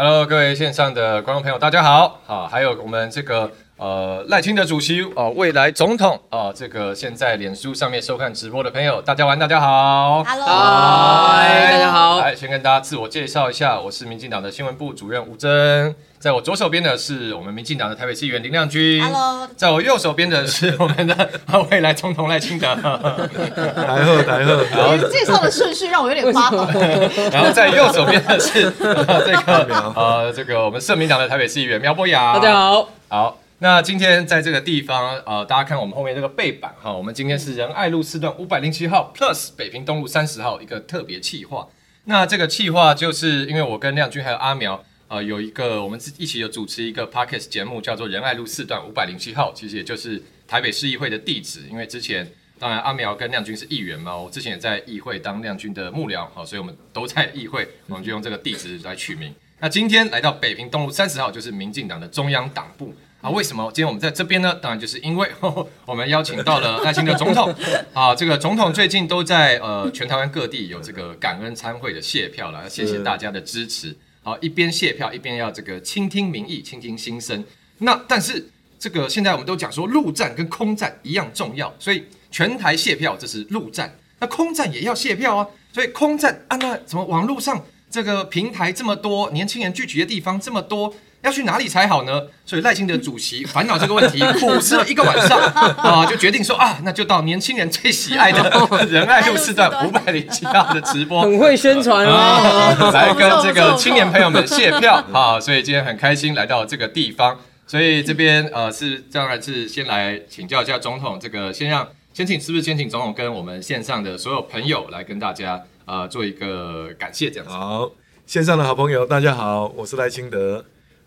哈嘍，各位線上的觀眾朋友，大家好，好，還有我們這個。呃，賴清德主席呃未來總統啊，呃，這個現在臉書上面收看直播的朋友，大家晚，大家好。Hello，Hi. Hi. Hi. 大家好。來，先跟大家自我介紹一下，我是民進黨的新聞部主任吳崢。在我左手邊的是我們民進黨的台北市議員林亮君。Hello，在我右手邊的是我們的、啊、未來總統賴清德。來 賀， 來你介紹的順序讓我有點發慌。 然後在右手邊的是、呃、這個 呃，這個我們社民黨的台北市議員苗博雅。大家好，好。那今天在這個地方，呃，大家看我們後面這個背板哈，我們今天是仁愛路四段五百零七號 plus 北平東路三十號一個特別企劃。那這個企劃就是因為我跟亮君還有阿苗，呃，有一個我們一起有主持一個 podcast 節目，叫做仁愛路四段五百零七號，其實也就是台北市議會的地址。因為之前當然阿苗跟亮君是議員嘛，我之前也在議會當亮君的幕僚哈，所以我們都在議會，我們就用這個地址來取名。那今天來到北平東路三十號，就是民進黨的中央黨部。為什麼今天我們在這邊呢？當然就是因為呵呵我們邀請到了愛心的總統 啊。這個總統最近都在呃全台灣各地有這個感恩餐會的謝票了，謝謝大家的支持。好、啊，一邊謝票一邊要這個傾聽民意、傾聽心聲。那但是這個現在我們都講說陸戰跟空戰一樣重要，所以全台謝票這是陸戰，那空戰也要謝票啊。所以空戰按、啊、那什麼網路上。這個平台這麼多年輕人聚集的地方這麼多，要去哪裡才好呢？所以賴清德主席煩惱這個問題，苦思了一個晚上啊、 呃，就決定說啊，那就到年輕人最喜愛的仁愛路四段五百零七號的直播， 很會宣傳啊，來跟這個青年朋友們謝票啊。所以今天很開心來到這個地方，所以這邊呃是當然是先來請教一下總統，這個先讓先請是不是先請總統跟我們線上的所有朋友來跟大家。呃，做一個感謝這樣好，線上的好朋友，大家好，我是賴清德，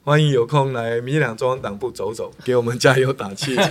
歡迎有空來民進黨中央黨部走走，給我們加油打氣、 啊。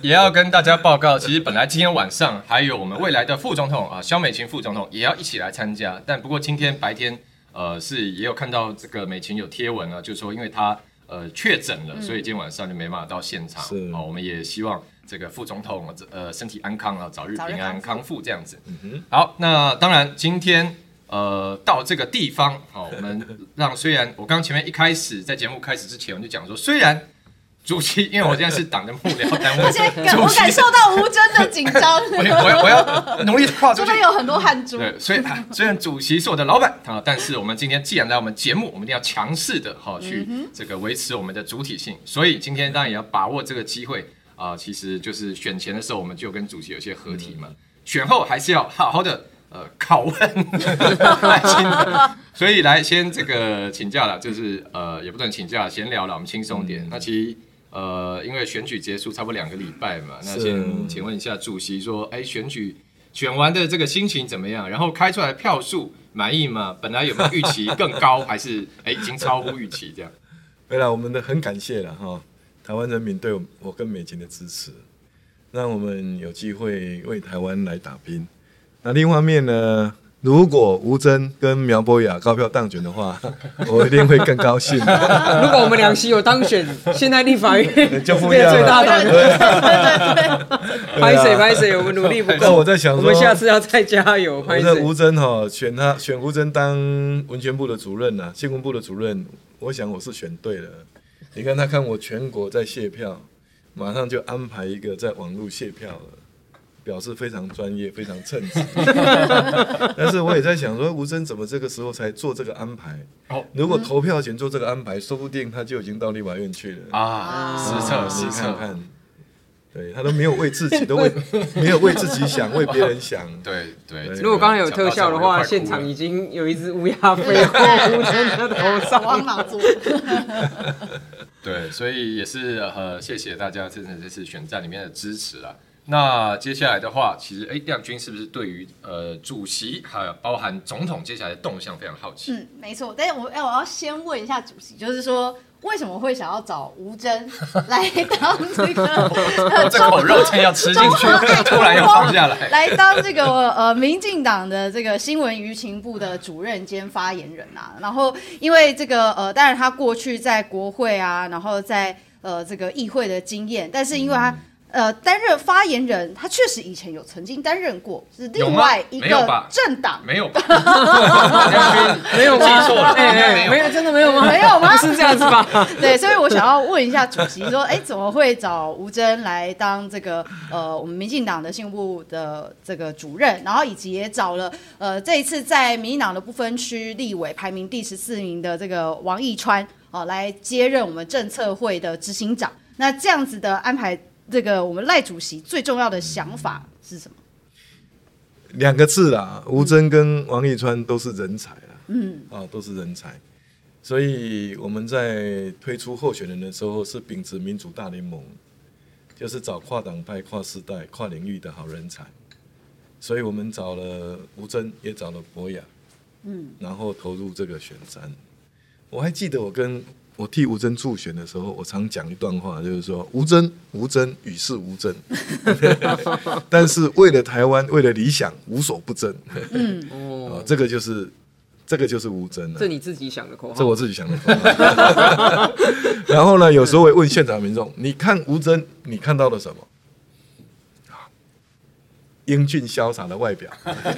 也要跟大家報告，其實本來今天晚上還有我們未來的副總統啊，蕭美琴副總統也要一起來參加，但不過今天白天呃是也有看到這個美琴有貼文、啊、就說因為她呃確診了、嗯，所以今天晚上就沒辦法到現場。是、哦、我們也希望。這個副總統呃身體安康啊，早日平安康復這樣子。嗯、好，那當然今天呃到這個地方、哦、我們讓雖然我剛前面一開始在節目開始之前，我就講說，雖然主席，因為我現在是黨的幕僚，擔 任主、主席，我感受到無真的緊張 我我，我要我要 努力的化妝，這邊有很多汗珠。對，所以雖然主席是我的老闆啊、哦，但是我們今天既然來我們節目， 我們一定要強勢的哈、哦、去這個維持我們的主體性，所以今天當然也要把握這個機會。啊、呃，其實就是選前的時候，我們就跟主席有些合體嘛。嗯、選後還是要好好的呃拷問，考 所以來先這個請假了，就是呃也不能請假，閒聊了，我們輕鬆點。嗯嗯，那其實呃，因為選舉結束差不多兩個禮拜嘛，嗯、那先請問一下主席說，哎，選舉選完的這個心情怎麼樣？然後開出來票數滿意嗎？本來有沒有預期更高， 還是哎已經超乎預期這樣？對 啦、欸、我們的很感謝了哈。哦台灣人民對我跟美琴的支持，讓我們有機會為台灣來打拼。那另外一方面呢，如果吳崢跟苗博雅高票當選的話，我一定會更高興。 如果我們兩席有當選，現在立法院 就不要最大了。歹勢，歹勢，我們努力不夠。我在想，我們下次要再加油。歹勢。那吳崢哈，選他選吳崢當文宣部的主任啊，新聞部的主任，我想我是選對了。你看他看我全國在謝票，馬上就安排一個在網絡謝票了，表示非常專業，非常稱職。 但是我也在想說，吳森怎麼這個時候才做這個安排？哦、如果投票前做這個安排，嗯，說不定他就已經到立法院去了啊，啊！實測，啊、實測看看，對他都沒有為自己都為 沒有為自己想，為別人想。 對對，對，這個。如果剛剛有特效的話，場現場已經有一隻烏鴉飛過吳森的頭上，老祖。 對，所以也是呃，謝謝大家這次這次選戰裡面的支持了。那接下來的話，其實哎，亮君是不是對於呃主席還有、呃、包含總統接下來的動向非常好奇？嗯，沒錯，但是我要我要先問一下主席，就是說。為什麼會想要找吳崢來當這個？一 口肉撐要吃進去， 突然又放下來。 來當這個呃民進黨的這個新聞輿情部的主任兼發言人啊。然後因為這個呃，當然他過去在國會啊，然後在呃這個議會的經驗，但是因為他。嗯呃，擔任發言人，他確實以前有曾經擔任過，是另外一個政黨，沒有吧？沒有記錯， 沒有， 錯的、 欸、沒有，沒有真的沒有嗎？沒有嗎？是這樣子吧？ 對，所以我想要問一下主席，說，哎、欸，怎麼會找吳崢來當這個呃，我們民進黨的新聞部的這個主任，然後以及也找了呃，這一次在民進黨的不分區立委排名第十四名的這個王義川，哦、呃，來接任我們政策會的執行長，那這樣子的安排。這個我們賴主席最重要的想法是什麼？嗯、兩個字啦，吳崢跟王立川都是人才啦，嗯，啊都是人才，所以我們在推出候選人的時候是秉持民主大聯盟，就是找跨黨派、跨世代、跨領域的好人才，所以我們找了吳崢，也找了博雅，嗯，然後投入這個選戰。我還記得我跟。我替吳尊助選的時候，我常講一段話，就是說：吳尊，吳尊與世無爭， 但是為了台灣，為了理想，無所不爭。嗯、哦，這個就是這個就是吳尊了。這是你自己想的口號？這我自己想的口號。 然後呢，有時候會問現場的民眾： 你看吳尊，你看到了什麼？啊、英俊瀟灑的外表，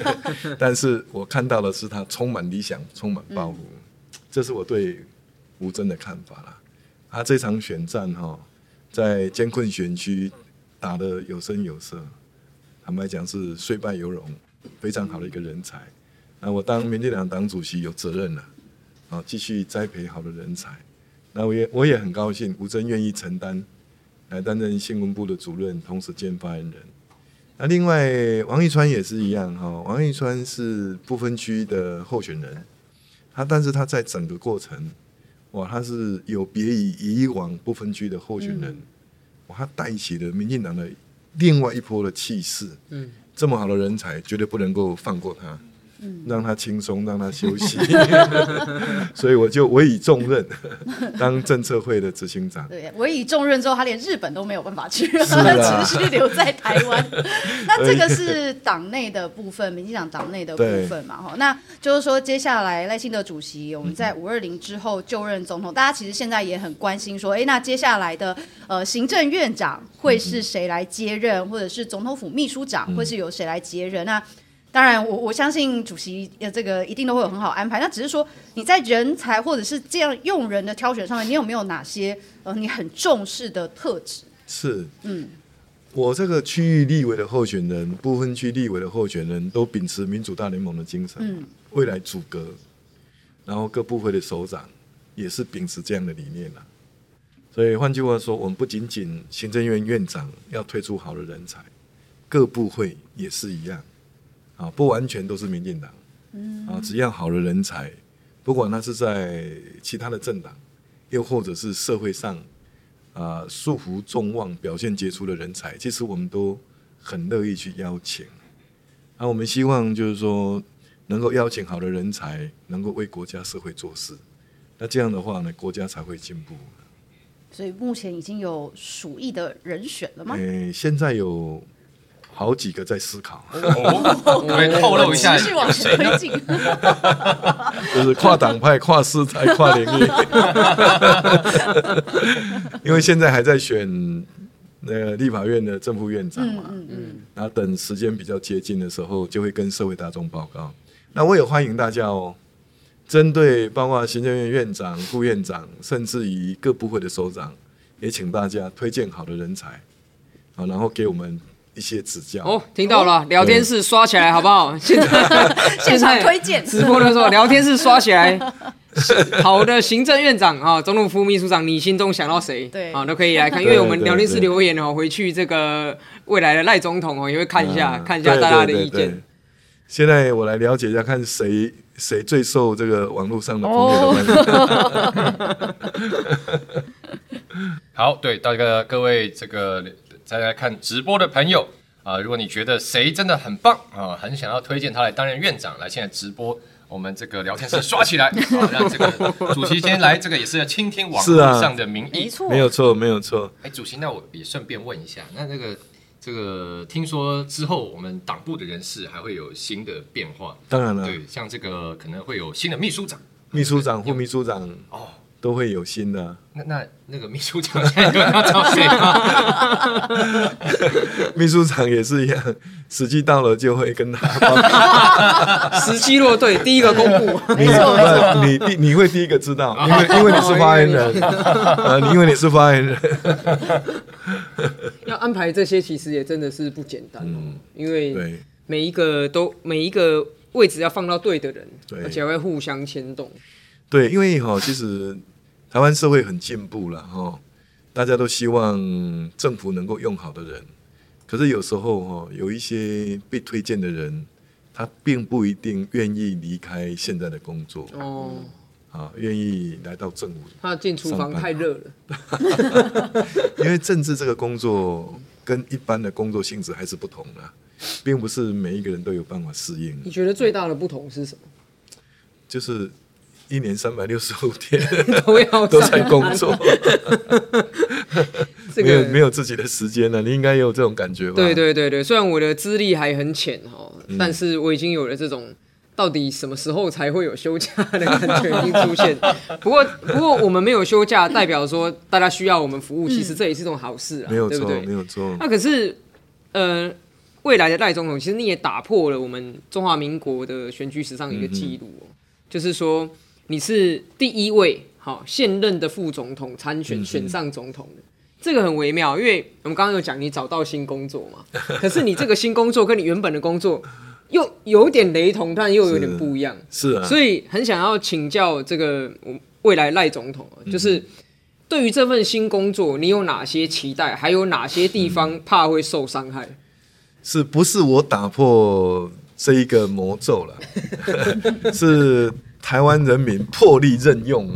但是我看到的是他充滿理想，充滿抱負。這是我對。吳崢的看法啦，他這場選戰哈、哦，在艱困選區打得有聲有色，坦白講是雖敗猶榮，非常好的一個人才。那我當民進黨黨主席有責任了，啊，繼續栽培好的人才。那我也我也很高興，吳崢願意承擔來擔任新聞部的主任，同時兼發言人。那另外王義川也是一樣哈、哦，王義川是不分區的候選人，他但是他在整個過程。哇，他是有別於以，以往不分區的候選人，嗯、哇，他帶起了民進黨的另外一波的氣勢，嗯，這麼好的人才，絕對不能夠放過他。嗯、讓他輕鬆，讓他休息， 所以我就委以重任，當政策會的執行長。對，委以重任之後，他連日本都沒有辦法去，他持續留在台灣。 那這個是黨內的部分，民進黨黨內的部分嘛。哈，那就是說，接下來賴清德主席我們在五二零之後就任總統，嗯，大家其實現在也很關心，說，哎、欸，那接下來的呃行政院長會是誰來接任，嗯，或者是總統府秘書長會是由誰來接任啊？嗯那當然我，我我相信主席呃，這個一定都會有很好安排。那只是說你在人才或者是這樣用人的挑選上面，你有沒有哪些呃你很重視的特質？是，嗯，我這個區域立委的候選人，部分區立委的候選人都秉持民主大聯盟的精神，嗯、未來組閣，然後各部會的首長也是秉持這樣的理念、啊、所以換句話說，我們不僅僅行政院院長要推出好的人才，各部會也是一樣。啊，不完全都是民進黨，啊、嗯，只要好的人才，不管他是在其他的政黨，又或者是社會上，啊、呃，素孚眾望、表現傑出的人才，其實我們都很樂意去邀請。那、啊、我們希望就是說，能夠邀請好的人才，能夠為國家社會做事。那這樣的話呢，國家才會進步。所以目前已經有屬意的人選了嗎？哎、欸，現在有。好幾個在思考、哦，我、哦、會、哦、透露一下，繼續往前推進。 就是跨黨派、跨世代、跨領域， 因為現在還在選那個立法院的正副院長嘛，嗯，嗯，嗯，然後等時間比較接近的時候，就會跟社會大眾報告。那我也歡迎大家哦，針對包括行政院院長、副院長，甚至於各部會的首長，也請大家推薦好的人才，啊，然後給我們。一些指教哦，oh, 聽到了，oh, 聊天室刷起來好不好？現在 現場推薦直播的時候，聊天室刷起來。 好的，行政院長啊，中路副秘書長，你心中想到誰？對啊，都可以來看，因為我們聊天室留言哦，回去這個未來的賴總統也會看一下、uh, 看一下大家的意見，對對對對。現在我來了解一下，看誰誰最受這個網絡上的朋友、oh. 好，對，大家各位這個。再來看直播的朋友啊、呃，如果你覺得誰真的很棒啊、呃，很想要推薦他來擔任院長，來現在直播我們這個聊天室刷起來，讓 這個主席先來，這個也是要傾聽網絡上的民意、啊，沒錯，沒有錯，沒有錯。哎，主席，那我也順便問一下，那這個這個聽說之後，我們黨部的人事還會有新的變化？當然了，對，像這個可能會有新的秘書長、秘書長副、啊、秘書長哦。都會有新的、啊那。那那那個秘書長有沒有消息？ 秘書長也是一樣，時機到了就會跟他。 時機落對 第一個公布，沒錯、 啊，你你你會第一個知道，因為因為你是發言人，呃，因為你是發言人。啊、言人 要安排這些其實也真的是不簡單、嗯、因為每一個都每一個位置要放到對的人，而且會互相牽動。對，因為哈、哦、其實。台灣社會很進步了哈，大家都希望政府能夠用好的人，可是有時候哈，有一些被推薦的人，他並不一定願意離開現在的工作哦，啊，願意來到政府上班，他進廚房太熱了， 因為政治這個工作跟一般的工作性質還是不同的，並不是每一個人都有辦法適應。你覺得最大的不同是什麼？就是。一年三百六十五天都要都在工作，沒有沒有自己的時間了。你應該也有這種感覺吧？對對對對，雖然我的資歷還很淺哦，但是我已經有了這種到底什麼時候才會有休假的感覺已經出現。 不過不過我們沒有休假，代表說大家需要我們服務，其實這也是這種好事啊、嗯，對不對？沒有錯。那、啊、可是呃，未來的賴總統其實你也打破了我們中華民國的選舉史上一個記錄哦，就是說。你是第一位，好、哦、現任的副總統參選，選上總統的、嗯、這個很微妙，因為我們剛剛有講你找到新工作嘛， 可是你這個新工作跟你原本的工作又有點雷同，但又有點不一樣，是，是啊，所以很想要請教這個未來賴總統、嗯、就是對於這份新工作，你有哪些期待，還有哪些地方怕會受傷害、嗯、是不是我打破這一個魔咒了？ 是。台灣人民破例任用，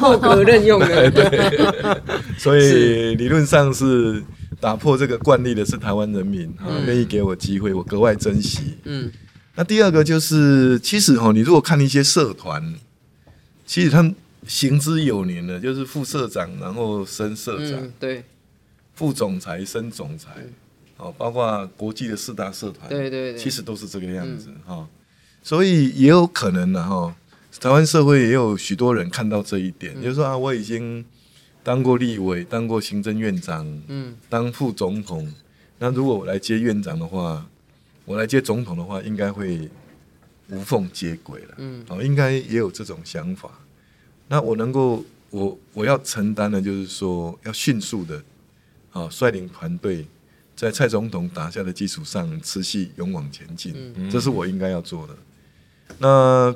破 格任用 對，對，所以理論上是打破這個慣例的是台灣人民啊，願意給我機會，我格外珍惜。嗯，那第二個就是，其實哈，你如果看一些社團，其實他們行之有年的就是副社長然後升社長，嗯、對，副總裁升總裁，包括國際的四大社團，對對，對其實都是這個樣子哈、嗯，所以也有可能哈。台灣社會也有許多人看到這一點，就是說啊，我已經當過立委，當過行政院長，當副總統，那如果我來接院長的話，我來接總統的話應，應該會無縫接軌了，嗯，應該也有這種想法。那我能夠，我我要承擔的，就是說要迅速的，啊，率領團隊，在蔡總統打下的基礎上，持續勇往前進，嗯，這是我應該要做的。那。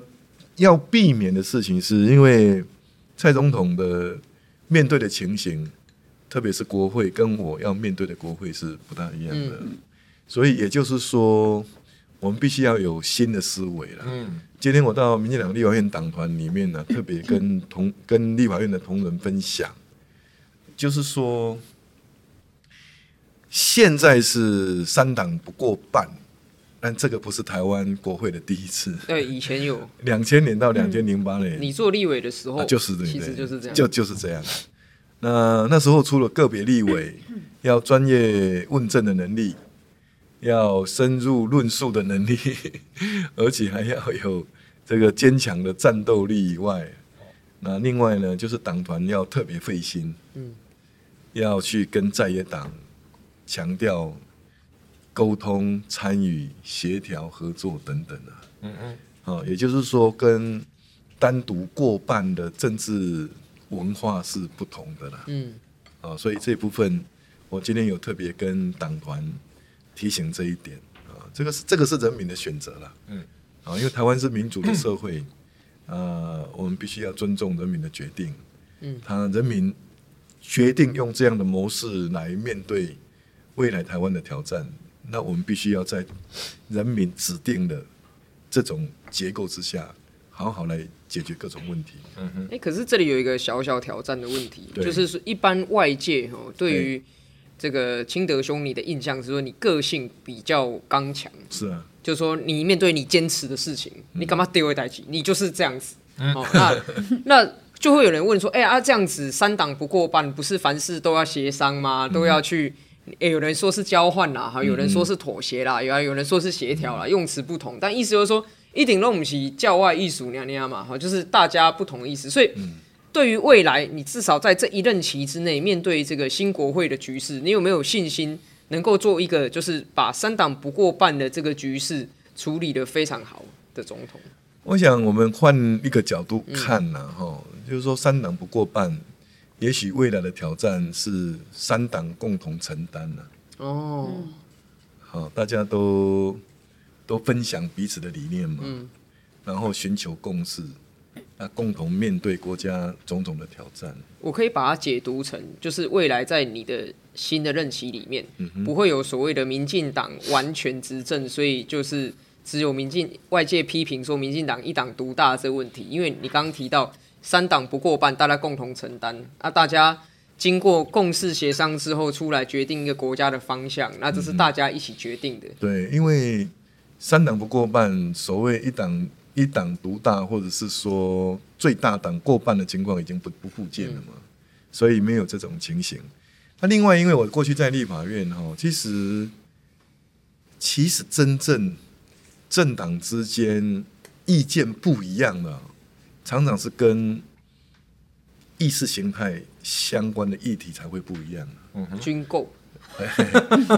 要避免的事情，是因為蔡總統的面對的情形，特別是國會跟我要面對的國會是不大一樣的，嗯，所以也就是說，我們必須要有新的思維了，嗯。今天我到民進黨立法院黨團裡面呢，啊，特別跟同跟立法院的同仁分享，就是說，現在是三黨不過半。但這個不是台灣國會的第一次。對，以前有。兩千年到兩千零八年、嗯。你做立委的時候，啊、就是對，其實就是這樣。就就是這樣、啊。那那時候除了個別立委 要專業問政的能力，要深入論述的能力， 而且還要有這個堅強的戰鬥力以外，那另外呢，就是黨團要特別費心、嗯，要去跟在野黨強調。溝通、參與、協調、合作等等啊，嗯嗯，啊，也就是說，跟單獨過半的政治文化是不同的啦，嗯，啊，所以這部分我今天有特別跟黨團提醒這一點啊，這個是這個是人民的選擇了，嗯，啊，因為台灣是民主的社會，呃，我們必須要尊重人民的決定，嗯，他人民決定用這樣的模式來面對未來台灣的挑戰。那我們必須要在人民指定的這種結構之下，好好來解決各種問題。嗯哼。哎、欸，可是這裡有一個小小挑戰的問題，就是一般外界哦對於這個清德兄你的印象是說你個性比較剛強。是啊。就是說你面對你堅持的事情，嗯、你覺得對的事，你就是這樣子。嗯、哦。那 那就會有人問說：哎、欸、啊，這樣子三黨不過半，不是凡事都要協商嗎？都要去。嗯也、欸、有人說是交換啦，哈，有人說是妥協啦，有啊，有人說是協調啦，用詞不同，但意思就是說一定都不是教外藝術那樣嘛，哈,就是大家不同的意思。所以對於未來，你至少在這一任期之內，面對這個新國會的局勢，你有沒有信心能夠做一個就是把三黨不過半的這個局勢處理得非常好的總統？我想我們換一個角度看呐，哈，就是說三黨不過半。也許未來的挑戰是三黨共同承擔了。哦，好，大家都都分享彼此的理念嘛，嗯、然後尋求共識，那、啊、共同面對國家種種的挑戰。我可以把它解讀成，就是未來在你的新的任期裡面，嗯、不會有所謂的民進黨完全執政，所以就是只有民進外界批評說民進黨一黨獨大的這個問題，因為你剛剛提到。三黨不過半，大家共同承擔那、啊、大家經過共識協商之後，出來決定一個國家的方向，那這是大家一起決定的。嗯、對，因為三黨不過半，所謂一黨一黨獨大，或者是說最大黨過半的情況，已經不不復見了嘛、嗯。所以沒有這種情形。那、啊、另外，因為我過去在立法院哈，其實其實真正政黨之間意見不一樣的常常是跟意識形態相關的議題才會不一樣、啊、嗯，軍購，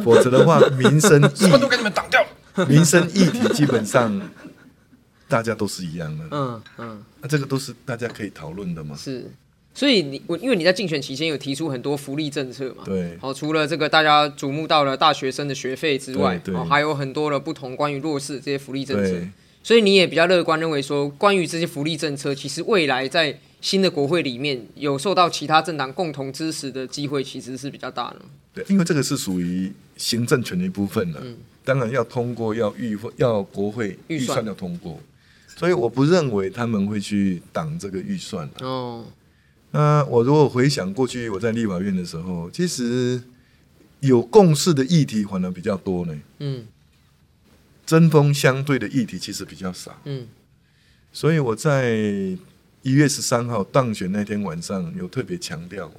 否則的話民生，什麼都給你們擋掉民生議題基本上 大家都是一樣的，嗯嗯，那、啊、這個都是大家可以討論的嘛，是，所以你我因為你在競選期間有提出很多福利政策嘛，對，好、哦，除了這個大家矚目到了大學生的學費之外，哦，還有很多的不同關於弱勢這些福利政策。所以你也比較樂觀，認為說關於這些福利政策，其實未來在新的國會裡面有受到其他政黨共同支持的機會，其實是比較大的。對，因為這個是屬於行政權的一部分了，嗯、當然要通過，要預算，要國會、嗯、預算要通過，所以我不認為他們會去擋這個預算。哦，那我如果回想過去我在立法院的時候，其實有共識的議題反而比較多呢。嗯。針鋒相對的議題其實比較少，嗯，所以我在一月十三號當選那天晚上有特別強調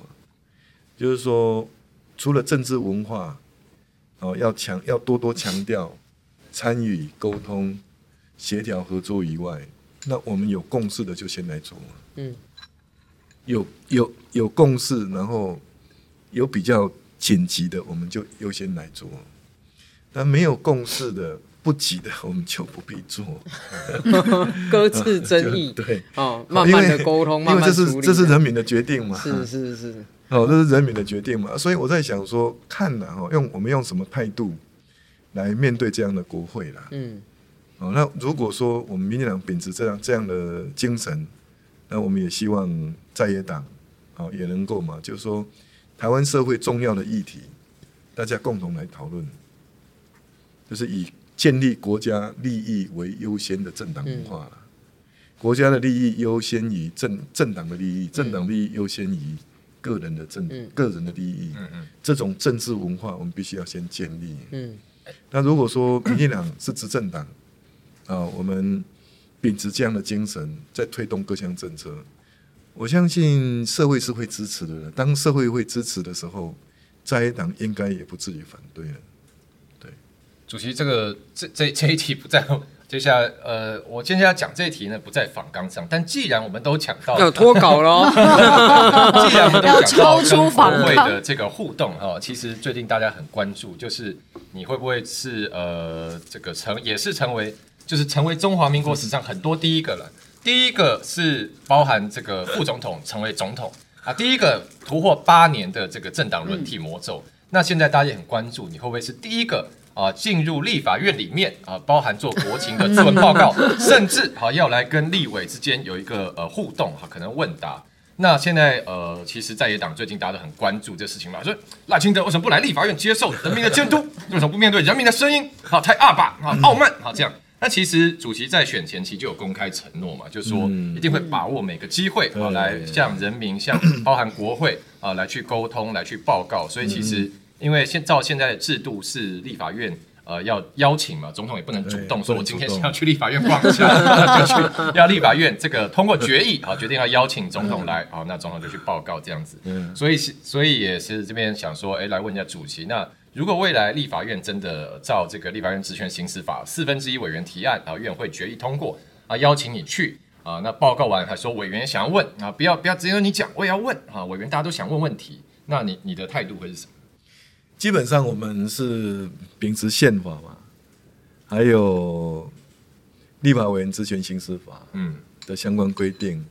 就是說除了政治文化，哦，要強要多多強調參與、溝通、協調、合作以外，那我們有共識的就先來做，嗯，有有有共識，然後有比較緊急的，我們就優先來做，但沒有共識的。不急的，我們就不必做，呵呵各自爭議， 對，哦，慢慢的溝通，慢慢處理，因為這是，這是人民的決定嘛，是，是是是，哦，這是人民的決定嘛，所以我在想說，看吶，用我們用什麼態度來面對這樣的國會啦？嗯，哦，那如果說我們民進黨秉持這樣這樣的精神，那我們也希望在野黨，哦，也能夠嘛，就是說，台灣社會重要的議題，大家共同來討論，就是以。建立國家利益為優先的政黨文化了，嗯，國家的利益優先於政政黨的利益，政黨利益優先於個人的政，嗯，個人的利益，嗯嗯，這種政治文化我們必須要先建立。那，嗯嗯，如果說民進黨是執政黨，啊，呃，我們秉持這樣的精神在推動各項政策，我相信社會是會支持的。當社會會支持的時候，在野黨應該也不至於反對了。主席、這個，這個這這這一題不在接下來，呃，我今天要講這一題呢，不在訪綱上。但既然我們都搶到，要脫稿嘍！要超出訪位的這個互動哈。其實最近大家很關注，就是你會不會是呃，這個成也是成為，就是成為中華民國史上很多第一個了。第一個是包含這個副總統成為總統啊，第一個突破八年的這個政黨輪替魔咒。嗯、那現在大家也很關注，你會不會是第一個？啊，進入立法院裡面啊，包含做國情的咨文報告， 呢呢甚至、啊、要來跟立委之間有一個呃互動哈、啊，可能問答。那現在呃，其實在野黨最近大家都很關注這事情嘛，說賴清德為什麼不來立法院接受人民的監督？ 為什麼不面對人民的聲音？好、啊，太鴨霸，好、啊、傲慢，好、啊、這樣。那其實主席在選前期就有公開承諾嘛，就說一定會把握每個機會啊，來向人民，向包含國會啊，來去溝通，來去報告。所以其實。因為現照現在的制度是立法院呃要邀請嘛，總統也不能主動說，我今天想要去立法院逛一下， 就去要立法院這個通過決議啊，決定要邀請總統來，好、 哦，那總統就去報告這樣子。 所以所以也是這邊想說，哎，來問一下主席，那如果未來立法院真的、呃、照這個《立法院職權行使法》，四分之一委員提案，然、呃、院會決議通過啊，邀請你去啊，那報告完還說委員想要問啊，不要不要只有你講，我也要問啊，委員大家都想問問題，那你你的態度會是什麼？基本上我們是秉持憲法嘛，還有立法委員職權行使法的相關規定，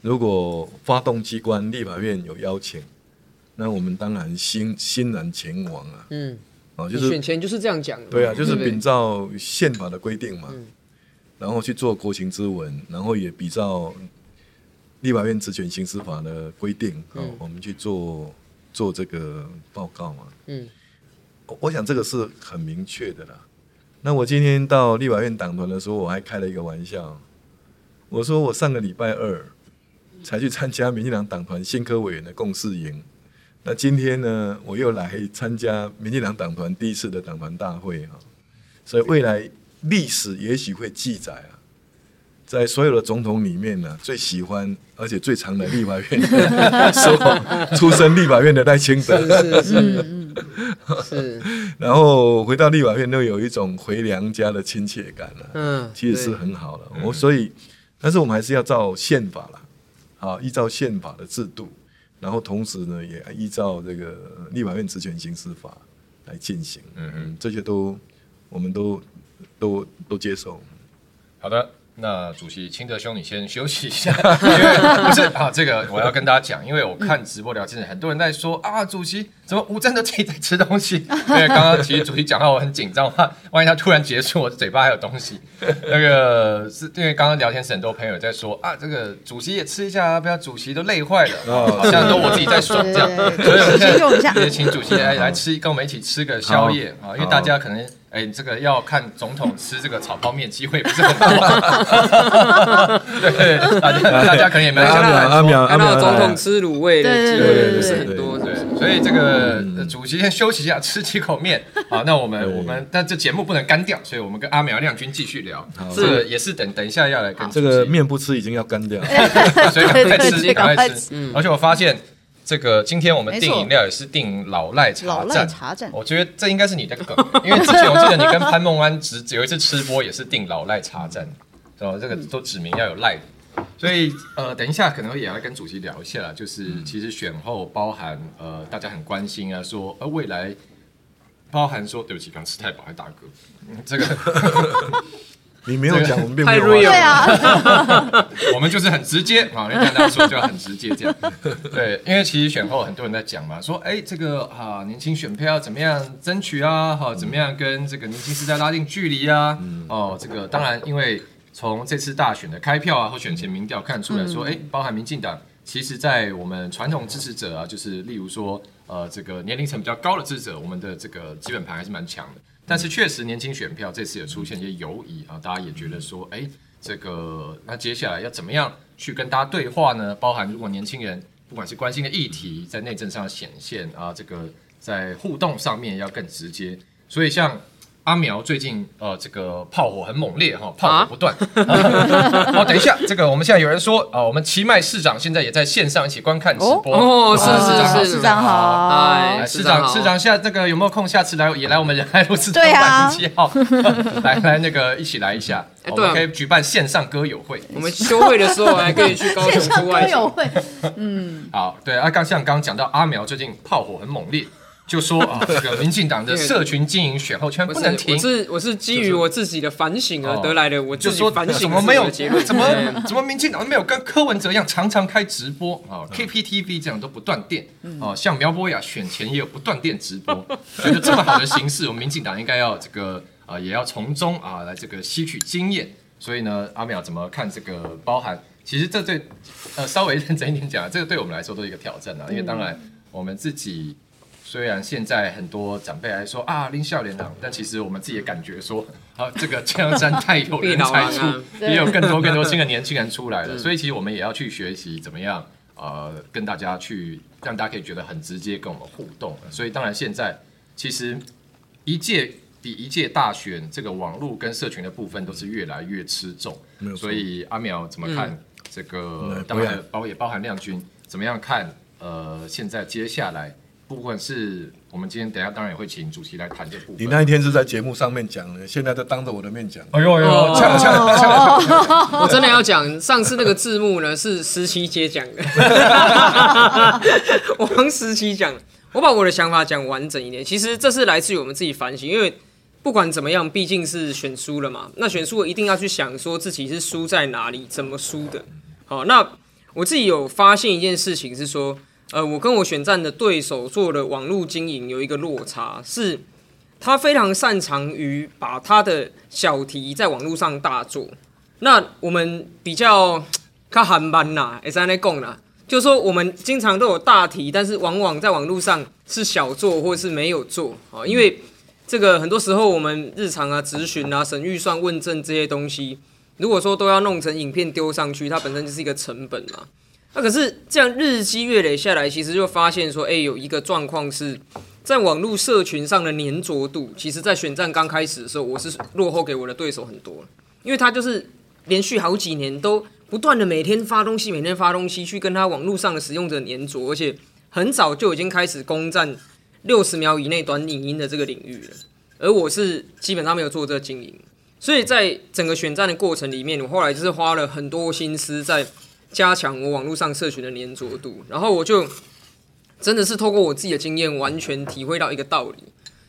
如果發動機關立法院有邀請，那我們當然欣欣然前往啊。嗯、哦、就是選前就是這樣講的對啊，就是秉照憲法的規定嘛、嗯，然後去做國情諮文，然後也比照立法院職權行使法的規定啊、哦，我們去做。做這個報告嘛，嗯，我我想這個是很明確的啦。那我今天到立法院黨團的時候，我還開了一個玩笑，我說，我上個禮拜二才去參加民進黨黨團新科委員的共識營，那今天呢，我又來參加民進黨黨團第一次的黨團大會哈，所以未來歷史也許會記載啊。在所有的總統裡面呢、啊，最喜歡而且最長的立法院， 說出生立法院的賴清德 是，是是，是 然後回到立法院又有一種回娘家的親切感了、啊，嗯，其實是很好的。我、嗯、所以，但是我們還是要照憲法了，好，依照憲法的制度，然後同時呢也依照這個立法院職權行使法來進行，嗯嗯，這些都我們都都都接受。好的。那主席，清德兄，你先休息一下， 因為不是 啊，這個我要跟大家講，因為我看直播聊天，嗯、很多人在說啊，主席。怎麼我真的自己在吃東西？因為剛剛其實主席講話，我很緊張，怕萬一他突然結束，我嘴巴還有東西。那個是因為剛剛聊天室，很多朋友在說啊，這個主席也吃一下啊，不要主席都累壞了。好像都我自己在爽這樣，對對對，所以我們現在先用一下，也請主席來來吃，跟我們一起吃個宵夜啊。因為大家可能哎、欸，這個要看總統吃這個炒泡麵機會不是很多。好哈哈哈哈對，大家大家可能也沒有想到，看到總統吃滷味的機會不是很多。所以這個主席先休息一下，吃幾口麵。好，那我們我們但這節目不能乾掉，所以我們跟阿苗亮君繼續聊。好，這個也是等等一下要來跟這個麵不吃已經要乾掉了， 所以趕快，對對對對趕快吃，趕快吃。嗯、而且我發現這個今天我們訂飲料也是訂老賴，老賴茶站，我覺得這應該是你的梗， 因為之前我記得你跟潘夢安只有一次吃播也是訂老賴茶站，是吧？這個都指明要有賴。所以，呃，等一下可能也要跟主席聊一下，就是其實選後包含呃，大家很關心啊，說呃未來包含說，對不起，剛剛吃太飽還打嗝、嗯，這個 你沒有講，我們並對啊， 我們就是很直接，因、嗯、為大家說就很直接這樣對，因為其實選後很多人在講嘛，說哎、欸，這個、呃、年輕選票要怎麼樣爭取啊、呃？怎麼樣跟這個年輕時代拉近距離啊？哦、呃，這個當然因為。從這次大選的開票啊，或選前民調看出來說，誒、欸，包含民進黨，其實在我們傳統支持者啊，就是例如說，呃，這個年齡層比較高的支持者，我們的這個基本盤還是蠻強的。但是確實年輕選票這次也出現一些猶疑啊，大家也覺得說，哎、欸，這個那接下來要怎麼樣去跟大家對話呢？包含如果年輕人不管是關心的議題，在內政上顯現啊，這個在互動上面要更直接。所以像，阿苗最近呃，這個炮火很猛烈哈，炮火不斷、啊 哦。等一下，這個我們現在有人說啊、呃，我們其邁市長現在也在線上一起觀看直播哦，哦，是，是，是、啊、市長，是市長好，哎、啊，市長市長，市長下那、這個有沒有空？下次來也來我們仁愛路四百零七號，啊、 來來那個一起來一下、欸，對啊，我們可以舉辦線上歌友會，我們休會的時候還可以去高雄出外。 歌友會嗯， 好，對，啊，剛像剛剛講到阿苗最近炮火很猛烈。 就說啊，這個民進黨的社群經營選後圈不能停。 是我是我是基於我自己的反省而得來的。我就說反省， 怎麼沒有？怎麼怎麼民進黨都沒有跟柯文哲一樣常常開直播啊？K P T V 這樣都不斷電啊？像苗博雅選前也有不斷電直播，覺 得這麼好的形式，我們民進黨應該要這個啊，也要從中啊來這個吸取經驗。所以呢，阿苗怎麼看這個？包含其實這對呃稍微認真一點講，這個對我們來說都是一個挑戰啊，因為當然我們自己。雖然現在很多長輩還說啊，拎校臉呢，但其實我們自己也感覺說，啊，這個江山太有人才出、 啊、也有更多更多新的年輕人出來了， 所以其實我們也要去學習怎麼樣，呃，跟大家去讓大家可以覺得很直接跟我們互動。所以當然現在其實一屆比一屆大選，這個網路跟社群的部分都是越來越吃重。沒有錯。所以阿苗怎麼看、嗯、這個？當然，包括也包含亮君怎麼樣看？呃，現在接下來。不管是我們今天等下，當然也會請主席來談這部分。分你那一天是在節目上面講的，現在在當着我的面講。哎呦哎呦，講講講，oh. oh. 我真的要講。上次那個字幕呢， 是思琪姐講的。 王思琪講，我把我的想法講完整一點。其實這是來自於我們自己反省，因為不管怎麼樣，畢竟是選輸了嘛。那選輸我一定要去想說自己是輸在哪裡，怎麼輸的。Oh. 好，那我自己有發現一件事情是說。呃，我跟我選戰的對手做的網絡經營有一個落差，是他非常擅長於把他的小題在網絡上大做。那我們比較憨慢吶，是按呢講吶，就是說我們經常都有大題，但是往往在網絡上是小做或是沒有做啊。因為這個很多時候我們日常啊、質詢啊、審預算問政這些東西，如果說都要弄成影片丟上去，它本身就是一個成本嘛。那、啊、可是這樣日積月累下來，其實就發現說，哎，有一個狀況是在網絡社群上的粘着度。其實，在選戰剛開始的時候，我是落後給我的對手很多，因為他就是連續好幾年都不斷的每天發東西，每天發東西去跟他網絡上的使用者粘着，而且很早就已經開始攻佔六十秒以內短影音的這個領域了。而我是基本上沒有做這個經營，所以在整個選戰的過程裡面，我後來就是花了很多心思在。加強我網絡上社群的黏着度，然後我就真的是透過我自己的經驗，完全體會到一個道理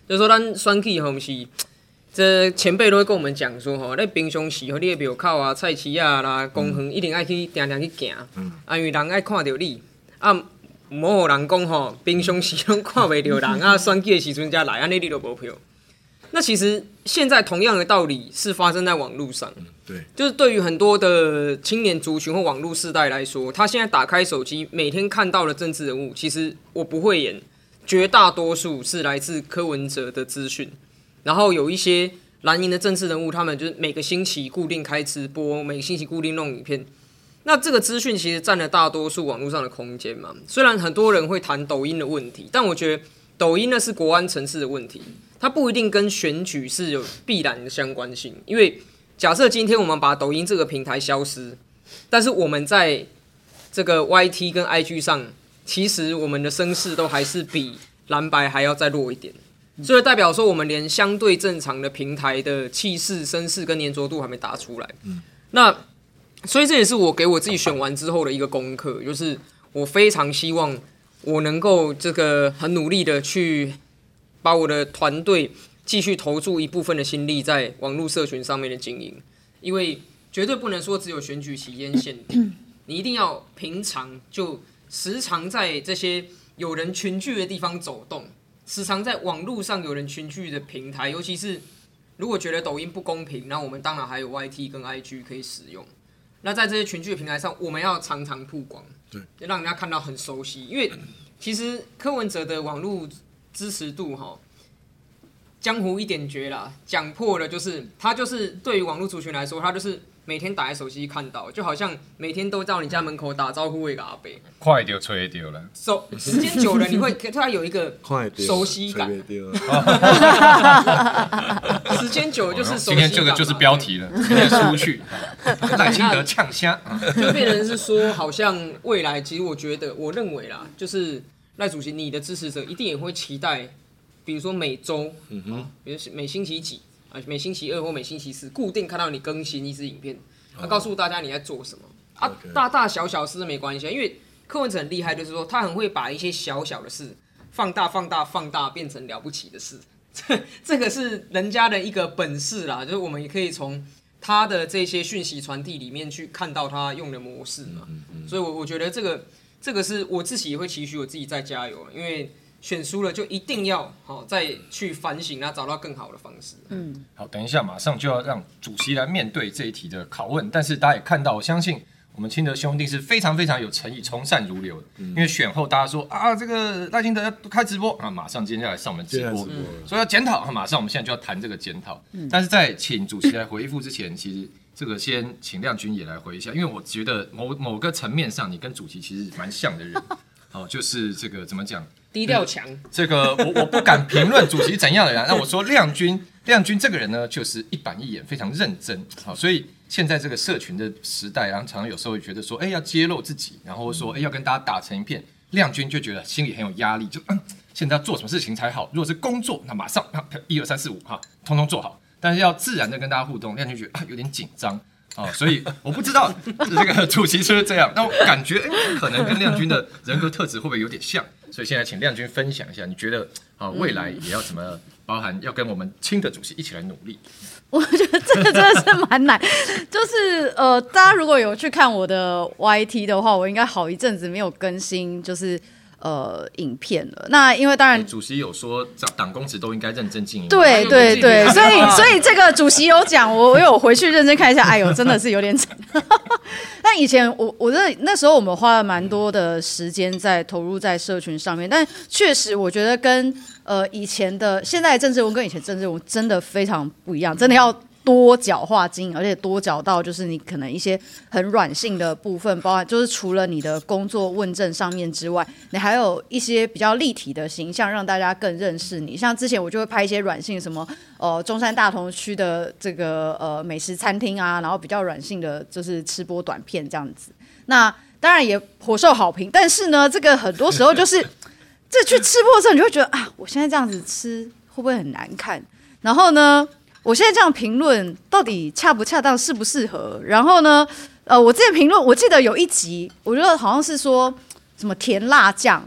就是選，就說咱選舉吼，是這前輩都會跟我們講說吼，你平常時吼，你的廟口啊、菜市啊啦、公園、嗯、一定愛去，定定去行，啊，因為人愛看到你，啊，莫互人講吼，平常時攏看袂到人、嗯、啊，選舉的時陣才來，安尼你都無票。那其實現在同樣的道理是發生在網絡上，對，就是對於很多的青年族群或網絡世代來說，他現在打開手機，每天看到的政治人物，其實我不會演，絕大多數是來自柯文哲的資訊，然後有一些藍營的政治人物，他們就是每個星期固定開直播，每個星期固定弄影片，那這個資訊其實占了大多數網絡上的空間嘛。雖然很多人會談抖音的問題，但我覺得抖音呢，是國安城市的問題。它不一定跟選舉是有必然的相關性，因為假設今天我們把抖音這個平台消失，但是我們在這個 YT 跟 IG 上，其實我們的聲勢都還是比藍白還要再弱一點，所以代表說我們連相對正常的平台的氣勢、聲勢跟粘着度還沒打出來。那所以這也是我給我自己選完之後的一個功課，就是我非常希望我能夠這個很努力的去。把我的團隊繼續投注一部分的心力在網絡社群上面的經營，因為絕對不能說只有選舉期間限定。你一定要平常就時常在這些有人群聚的地方走動，時常在網絡上有人群聚的平台，尤其是如果覺得抖音不公平，那我們當然還有 Y T 跟 I G 可以使用。那在這些群聚的平台上，我們要常常曝光，對，讓人家看到很熟悉。因為其實柯文哲的網絡。支持度哈、哦，江湖一點訣啦。講破了就是他就是對於網絡族群來說，他就是每天打開手機看到，就好像每天都到你家門口打招呼一個阿伯，快掉吹掉了，手、so, 時間久了你會他有一個熟悉感， 時間久了就是熟悉，今天這個就是標題了，今天出不去，戴心得嗆蝦， 就變成是說好像未來，其實我覺得我認為啦，就是。賴主席，你的支持者一定也會期待，比如說每周，嗯、哼、啊，比如每星期幾啊，每星期二或每星期四，固定看到你更新一支影片，來、哦啊、告訴大家你在做什麼啊。Okay. 大大小小事沒關係，因為柯文哲很厲害，就是說他很會把一些小小的事放大、放大、放大，變成了不起的事。這 這個是人家的一個本事啦，就是我們也可以從他的這些訊息傳遞裡面去看到他用的模式嘛。嗯嗯嗯所以，我我覺得這個。這個是我自己也會期許我自己再加油，因為選輸了就一定要好、哦、再去反省，然後找到更好的方式。嗯，好，等一下馬上就要讓主席來面對這一題的拷問，但是大家也看到，我相信我們清德兄弟是非常非常有誠意從善如流，嗯，因為選後大家說啊，這個賴清德要開直播啊，馬上今天要來上我們直播，直播嗯，所以要檢討啊，馬上我們現在就要談這個檢討。嗯，但是在請主席來回復之前，嗯，其實。這個先請亮君也來回一下，因為我覺得某某個層面上，你跟主席其實蠻像的人，好、 哦，就是這個怎麼講，低調強、嗯。這個我我不敢評論主席怎樣的人、啊，那 我說亮君，亮君這個人呢，就是一板一眼，非常認真。好、哦，所以現在這個社群的時代，然後常常有時候會覺得說，哎，要揭露自己，然後說，哎、嗯，要跟大家打成一片，亮君就覺得心裡很有壓力，就、嗯、現在做什麼事情才好。如果是工作，那馬上，一二三四五，哈、啊，通通做好。但是要自然的跟大家互動，亮君覺得、啊、有點緊張啊、哦，所以我不知道 這個主席是這樣，那我感覺可能跟亮君的人格特質會不會有點像？所以現在請亮君分享一下，你覺得啊、哦，未來也要怎麼、嗯，包含要跟我們新的主席一起來努力。我覺得這個真的是蠻難， 就是呃，大家如果有去看我的 YT 的話，我應該好一陣子沒有更新，就是。呃，影片了。那因為當然，欸、主席有說，黨黨公職都應該認真經營。對對對，所以， 所以所以這個主席有講，我我有回去認真看一下。哎呦，真的是有點慘。 但以前我我覺得那時候我們花了蠻多的時間在、嗯、投入在社群上面，但確實我覺得跟呃以前的現在的政治文跟以前的政治文真的非常不一樣，嗯、真的要多角化經營，而且多角到就是你可能一些很軟性的部分，包含就是除了你的工作問政上面之外，你還有一些比較立體的形象，讓大家更認識你。像之前我就會拍一些軟性什麼呃中山大同區的這個呃美食餐廳啊，然後比較軟性的就是吃播短片這樣子。那當然也頗受好評，但是呢，這個很多時候就是這 去吃播的時候，你就會覺得啊，我現在這樣子吃會不會很難看？然後呢？我現在這樣評論，到底恰不恰當，適不適合？然後呢，呃，我之前評論，我記得有一集，我覺得好像是說什麼甜辣醬，哦，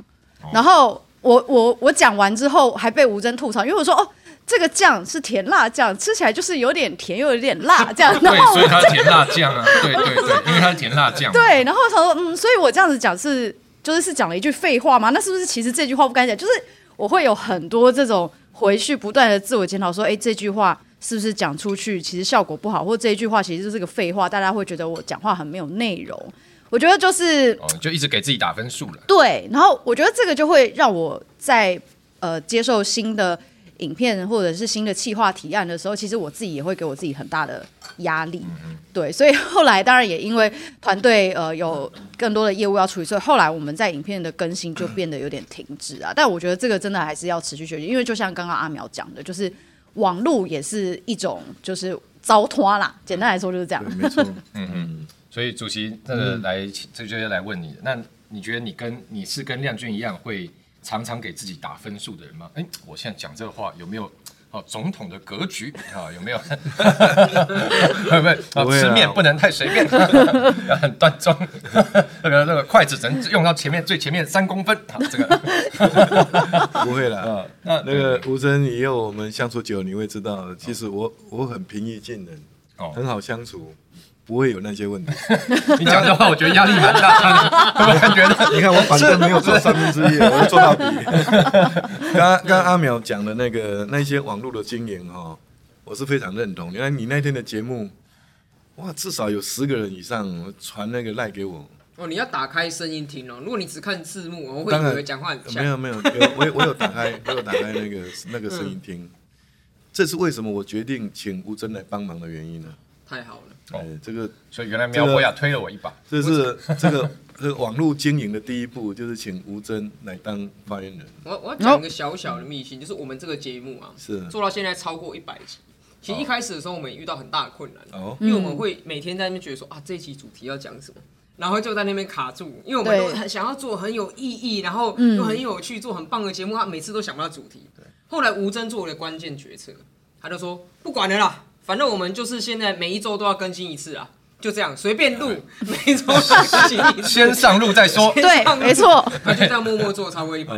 然後我我我講完之後，還被吳尊吐槽，因為我說哦，這個醬是甜辣醬，吃起來就是有點甜又有點辣這樣。 然後這個、對，所以它甜辣醬啊， 對，對，對對，因為它甜辣醬。 對，然後他說嗯，所以我這樣子講是，就是是講了一句廢話嗎？那是不是其實這句話不該講？就是我會有很多這種回去不斷的自我檢討，說、欸、哎這句話。是不是講出去其實效果不好，或這一句話其實就是個廢話，大家會覺得我講話很沒有內容。我覺得就是、哦，就一直給自己打分數了。對，然後我覺得這個就會讓我在呃接受新的影片或者是新的企劃提案的時候，其實我自己也會給我自己很大的壓力、嗯。對，所以後來當然也因為團隊呃有更多的業務要處理，所以後來我們在影片的更新就變得有點停滯啊、嗯。但我覺得這個真的還是要持續學習，因為就像剛剛阿苗講的，就是。網路也是一種就是糟蹋啦、嗯，簡單來說就是這樣。沒錯， 嗯嗯，所以主席那、嗯，這來、個、這就要來問你，那你覺得你跟你是跟亮俊一樣，會常常給自己打分數的人嗎？誒、欸，我現在講這個話有沒有？好、哦，總統的格局，哦、有沒有？呵呵 不會，吃麵不能太隨便，呵呵 要很端莊。那個筷子只能用到前面 最前面三公分。 這個、呵呵不會啦，那、哦、那個吳真，以後我們相處久了，你會知道，其實我，、哦、我很平易近人，哦、很好相處。不會有那些問題。 你講的話，我覺得壓力蠻大的。我 覺 你看， 你看 我反正沒有做三分之一， 我要做到底。剛 剛阿淼講的那個那些網絡的經營哦，我是非常認同。原來你那天的節目，哇，至少有十個人以上傳那個賴給我。哦，你要打開聲音聽哦。如果你只看字幕，我會以為講話很沒有沒有。我我有打開，我有打開那個那個聲音聽、嗯。這是為什麼我決定請吳珍來幫忙的原因呢？太好了。哎、欸，這個，所以原來苗博雅推了我一把，這個，這是 這個這個網絡經營的第一步，就是請吳崢來當發言人。我我講一個小小的秘辛，oh. 就是我們這個節目啊，是做到現在超過一百集。其實一開始的時候，我們遇到很大的困難，oh. 因為我們會每天在那邊覺得說啊，這一集主題要講什麼，然後就在那邊卡住，因為我們都很想要做很有意義，然後又很有趣，做很棒的節目，他每次都想不到主題。後來吳崢做了關鍵決策，他就說不管了啦。反正我們就是現在每一周都要更新一次啊，就這樣隨便錄，每一周都要更新一次，先上路再說。 對，沒錯。那就這樣默默做超過一百。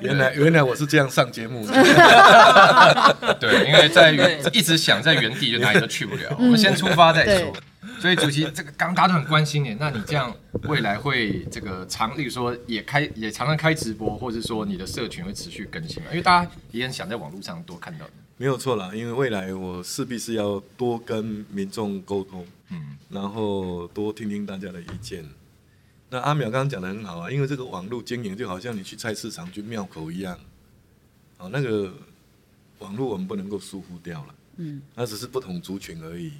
原來原來我是這樣上節目。對， 對，因為在一直想在原地就哪裡都去不了，我們先出發再說。所以主席，這個剛大家都很關心耶，那你這樣未來會這個常，例如說也開也常常開直播，或者是說你的社群會持續更新，因為大家也很想在網絡上多看到你。沒有錯了，因為未來我勢必是要多跟民眾溝通，嗯，然後多聽聽大家的意見。那阿淼剛剛講得很好啊，因為這個網絡經營就好像你去菜市場去廟口一樣，哦，那個網絡我們不能夠疏忽掉了，嗯，那只是不同族群而已。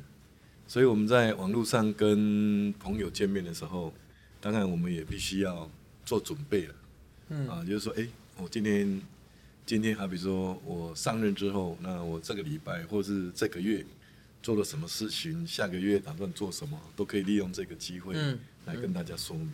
所以我們在網絡上跟朋友見面的時候，當然我們也必須要做準備了，嗯，啊，就是說，哎，我今天。今天好比說我上任之後，那我這個禮拜或是這個月做了什麼事情，下個月打算做什麼，都可以利用這個機會來跟大家說明。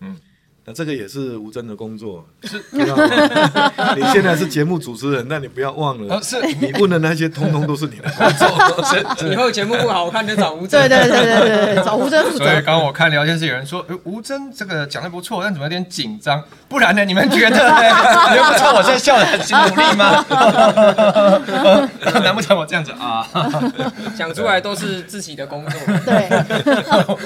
嗯。嗯那這個也是吳征的工作，是 你現在是節目主持人，那 你不要忘了，哦、是你問的那些、欸，通通都是你的工作。 以後節目不好 我看，就找吳征。對對對對對，找吳征負責。剛剛我看聊天室有人說，哎、欸，吳征這個講得不錯，但怎麼有點緊張？不然呢？你們覺得？ 你又不知道我現在笑得很努力嗎？ 難不成我這樣子啊？講 出來都是自己的工作。對。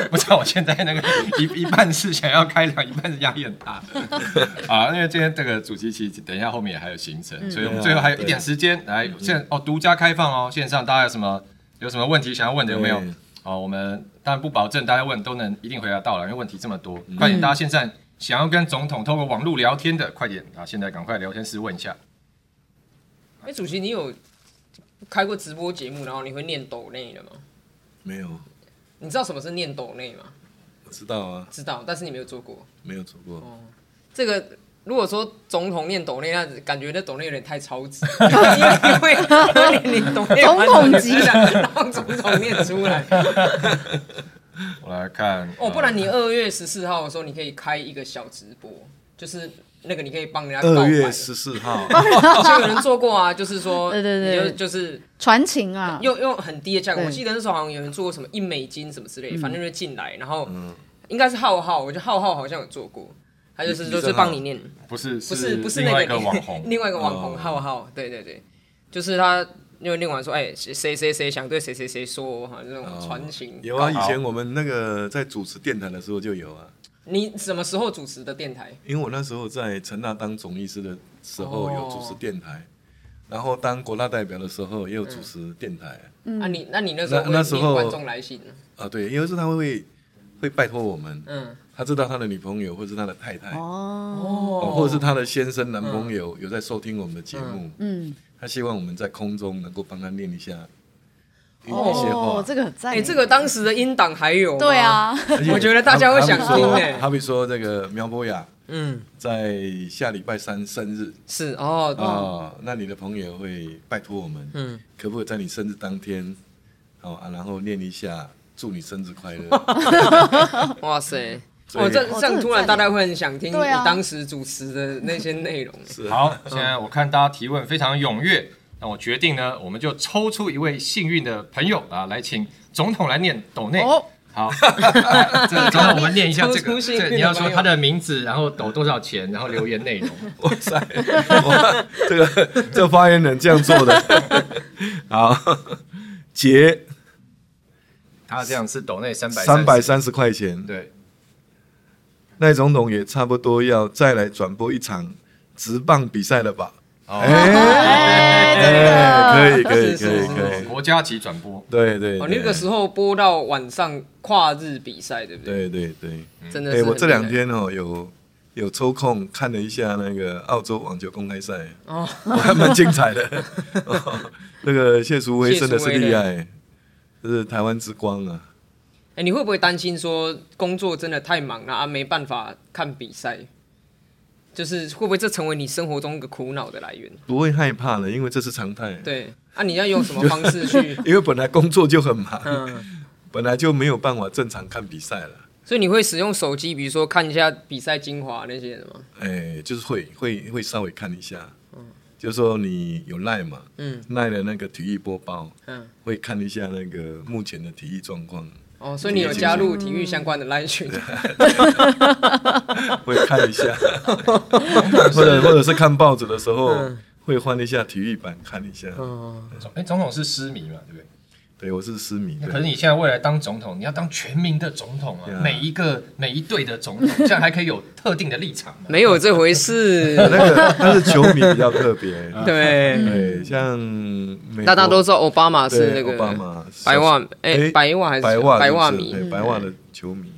不知道我現在那個一一半是想要開朗一半是。壓力很大的、的 啊！因為今天這個主席其實等一下後面也還有行程，所以我們最後還有一點時間來現在哦，獨家開放哦，線上大家有什麼有什麼問題想要問的有沒有？啊、哦，我們當然不保證大家問都能一定回答到了，因為問題這麼多，嗯、快點，大家現在想要跟總統透過網絡聊天的，快點啊！現在趕快聊天室問一下。哎、欸，主席，你有開過直播節目，然後你會念抖內了嗎？沒有。你知道什麼是念抖內嗎？我知道啊，知道，但是你沒有做過。沒有錯過、哦，、這個如果說總統念抖內樣子，那感覺那抖內有點太超值， 總統級的當總統念出來。 我來看哦，不然你二月十四號的時候，你可以開一個小直播，就是那個你可以幫人家。二月十四號， 所有人做過啊！就是說，對對對，就是傳情啊，用用很低的價格，我記得那時候好像有人做過什麼一美金什麼之類，反正就進來，然後。嗯應該是浩浩，我覺得浩浩好像有做過，他就是就是幫你念，不是，是不是不是那個網紅，另外一個網紅、 個網紅、哦、浩浩，對對對，就是他因為念完說，哎誰誰誰想對誰誰誰說，哈那種傳情。有啊，以前我們那個在主持電台的時候就有啊。你什麼時候主持的電台？因為我那時候在成大當總醫師的時候有主持電台、哦，然後當國大代表的時候也有主持電台。那、嗯嗯啊、你那你那時候那時候觀眾來信呢？啊對，因為是他會。會拜托我們，嗯，他知道他的女朋友或者是他的太太哦，哦，或者是他的先生、男朋友有在收聽我們的節目，嗯，嗯，他希望我們在空中能夠幫他念一下那些話。哦，這個很讚。欸，這個當時的音檔還有啊對啊， 我覺得大家會想聽他好比，比說這個苗博雅，嗯，在下禮拜三生日是哦啊、哦，那你的朋友會拜托我們，嗯，可不可以在你生日當天，好、哦、啊，然後念一下。祝你生日快樂！ 哇塞！我、哦、這這突然，大概會很想聽你當時主持的那些內容、欸啊 是啊。好，現在我看大家提問非常踴躍，那我決定呢，我們就抽出一位幸運的朋友啊，來請總統來念抖內、哦。好，總 統、啊，這這我們念一下這個。你要說他的名字，然後抖多少錢，然後留言內容。 哇塞！ 哇這個這發言人這樣做的。 好，結。他這樣是斗那三百三百三十塊錢，對。那總統也差不多要再來轉播一場職棒比賽了吧？哎、oh. 欸 oh. 欸 oh. 欸 oh. 這個，可以可以可以可以，國家級轉播，對對，對、哦。那個時候播到晚上跨日比賽，對不對？對對對、嗯，真的是、欸。是我這兩天哦，有有抽空看了一下那個澳洲網球公開賽，哦、oh.，還蠻精彩的。 哦、那個謝淑薇真的是厲害。這是台灣之光啊，欸。哎，你會不會擔心說工作真的太忙了，啊啊，沒辦法看比賽？就是會不會這成為你生活中一個苦惱的來源？不會害怕了，因為這是常態。對，那，啊、你要用什麼方式去， 就是因為本來工作就很忙， 本來就沒有辦法正常看比賽了。所以你會使用手機，比如說看一下比賽精華那些的嗎？哎，欸，就是會會會稍微看一下。就說你有賴嘛，嗯，賴的那個體育播報，嗯，會看一下那個目前的體育狀況。哦，所以你有加入體育相關的賴群，嗯啊啊、 會看一下， 或者或者是看報紙的時候、嗯、會翻一下體育版看一下。那哦種哦，哎，總統是失迷嘛，對不對？哎、我是私民，可是你現在未來當總統，你要當全民的總統啊！啊每一個每一隊的總統，現在還可以有特定的立場嗎？ 沒有這回事。 那個，但是球迷比較特別。對，像大家都知道 obama 是那、這個，奧巴馬白襪哎，白襪、欸、還是白襪，白襪迷對，白襪的球迷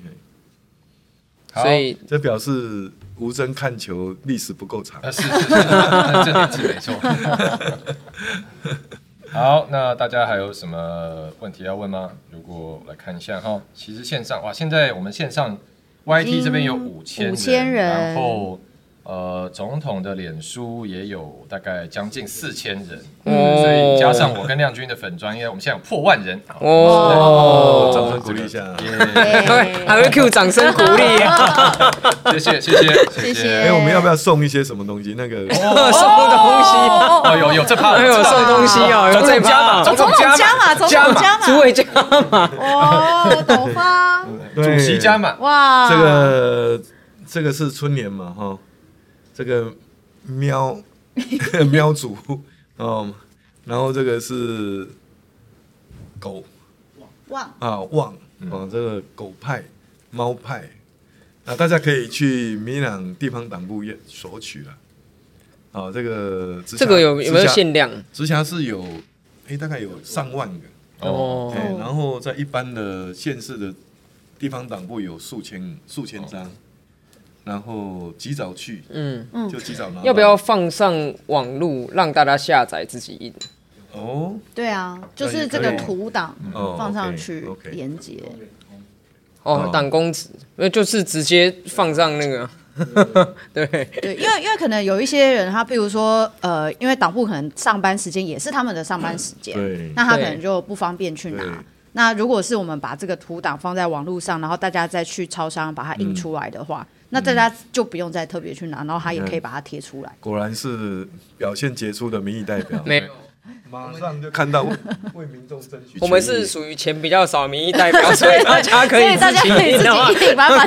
所以這表示無真看球歷史不夠長， 是是,是,是沒錯。 好，那大家還有什麼問題要問嗎？如果來看一下哈，其實線上的話，現在我們線上 YT 這邊有五千人，然後。呃，總統的臉書也有大概將近四千人，嗯，所以加上我跟亮君的粉專， 因為我們現在有破萬人，哦，嗯哦嗯、哦掌聲鼓勵一下，嗯、耶耶還會 Q 掌聲鼓勵、啊啊啊，謝謝謝謝、啊、謝謝。哎、欸，我們要不要送一些什麼東西？那個謝謝謝謝、欸、要要送的東、那個哦、 東西，哦，有有這趴，送東西啊，有這趴，總統加碼，主席加碼，主委加碼，哦，朵、哦、花，主席加碼，哇，這個這個是春聯嘛，哈。這個喵 喵族，哦、嗯，然後這個是狗啊旺啊旺、嗯、啊，這個狗派貓派啊，大家可以去明朗地方黨部也索取了。啊，這個這個有有沒有限量？直轄市是有，誒、欸，大概有上萬個哦、欸。然後在一般的縣市的地方黨部有數千數千張。哦然後及早去，嗯嗯，就及早拿。要不要放上網絡讓大家下載自己印？哦，對啊，就是這個圖檔放上去，連接。哦，黨、okay, okay, okay. oh. 哦、公子，那就是直接放上那個。 對對，因為因為可能有一些人，他比如說呃，因為黨部可能上班時間也是他們的上班時間，嗯、對，那他可能就不方便去拿。那如果是我們把這個圖檔放在網絡上，然後大家再去超商把它印出來的話。嗯那大家就不用再特別去拿，嗯，然後他也可以把它貼出來。果然是表現傑出的民意代表，沒有，馬上就看到 為民眾爭取。我們是屬於錢比較少民意代表，所以大家可以自己拿，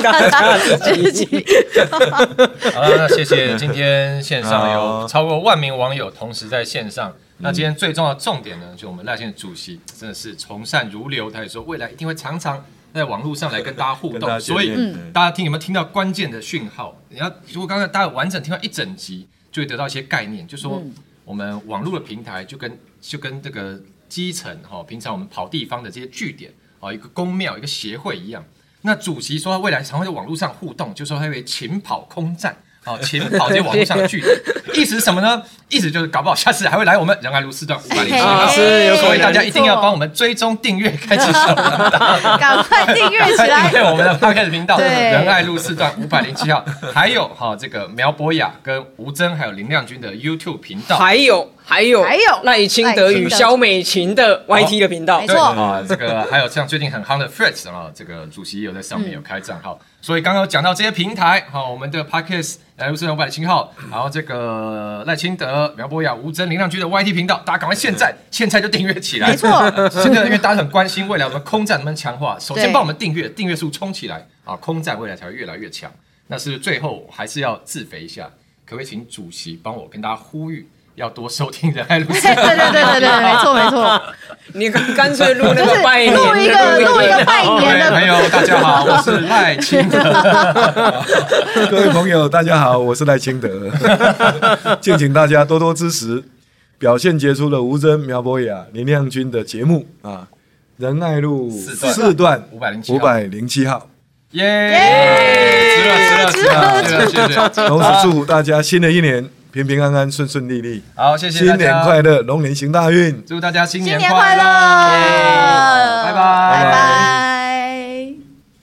大家自己拿， 大家自己自己 好了，那謝謝今天線上有超過萬名網友同時在線上。嗯、那今天最重要重點呢，就我們賴先生主席真的是從善如流，他也說未來一定會常常。在網絡上來跟大家互動，所以大家聽、嗯、有沒有聽到關鍵的訊號？你要如果剛才大家完整聽到一整集，就會得到一些概念，就說我們網絡的平台就跟就跟這個基層哈、哦，平常我們跑地方的這些據點啊、哦，一個宮廟、一個協會一樣。那主席說他未來常會在網絡上互動，就說他會“勤跑空戰”啊、哦，勤跑這些網絡上的據點， 意思是什麼呢？ 意思就是，搞不好下次還會來我們仁愛路四段五百零七號，所、啊、以大家一定要幫我們追蹤訂閱，開始收，趕 快訂閱起來，我們的 Podcast 頻道對，仁愛路四段五百零七號， 還有哈、哦、這個苗博雅跟吳崢還有林亮君的 YouTube 頻道，還有還有還有賴清德與蕭美琴的 YT 的頻道，的的道哦、對、嗯嗯，啊，這個還有像最近很夯的 Threads 啊、哦，這個主席有在上面有開賬號、嗯，所以剛剛講到這些平台哈、哦，我們的 Podcast 仁愛路四段五百零七號、嗯，然後這個賴清德。呃、苗博雅、吳崢、林亮君的 YT 頻道，大家趕快現在現在就訂閱起來。沒錯、呃，現在因為大家很關心未來我們空戰能不能強化，首先幫我們訂閱，訂閱數衝起來啊，空戰未來才會越來越強。那是,是最後還是要自肥一下，可不可以請主席幫我跟大家呼籲？要多收聽仁愛路，對對對對對，沒錯沒錯。Uhm、使 你乾脆錄那個拜，錄、就是、一個錄一個拜年 ]Hey、的。朋友大家好，我 avissa .是賴清德。各位朋友，大家好，我是賴清德。敬請大家多多支持表現傑出的吳崢、苗博雅、林亮君的節目啊！仁愛路四段五百零七號，耶！值夜得，值得、啊啊，值得，值得！同時祝大家新的一年。 平平安安，順順利利。好，謝謝大家。新年快樂，龍年行大運，祝大家新年快樂，新年快樂，拜拜拜拜。拜拜。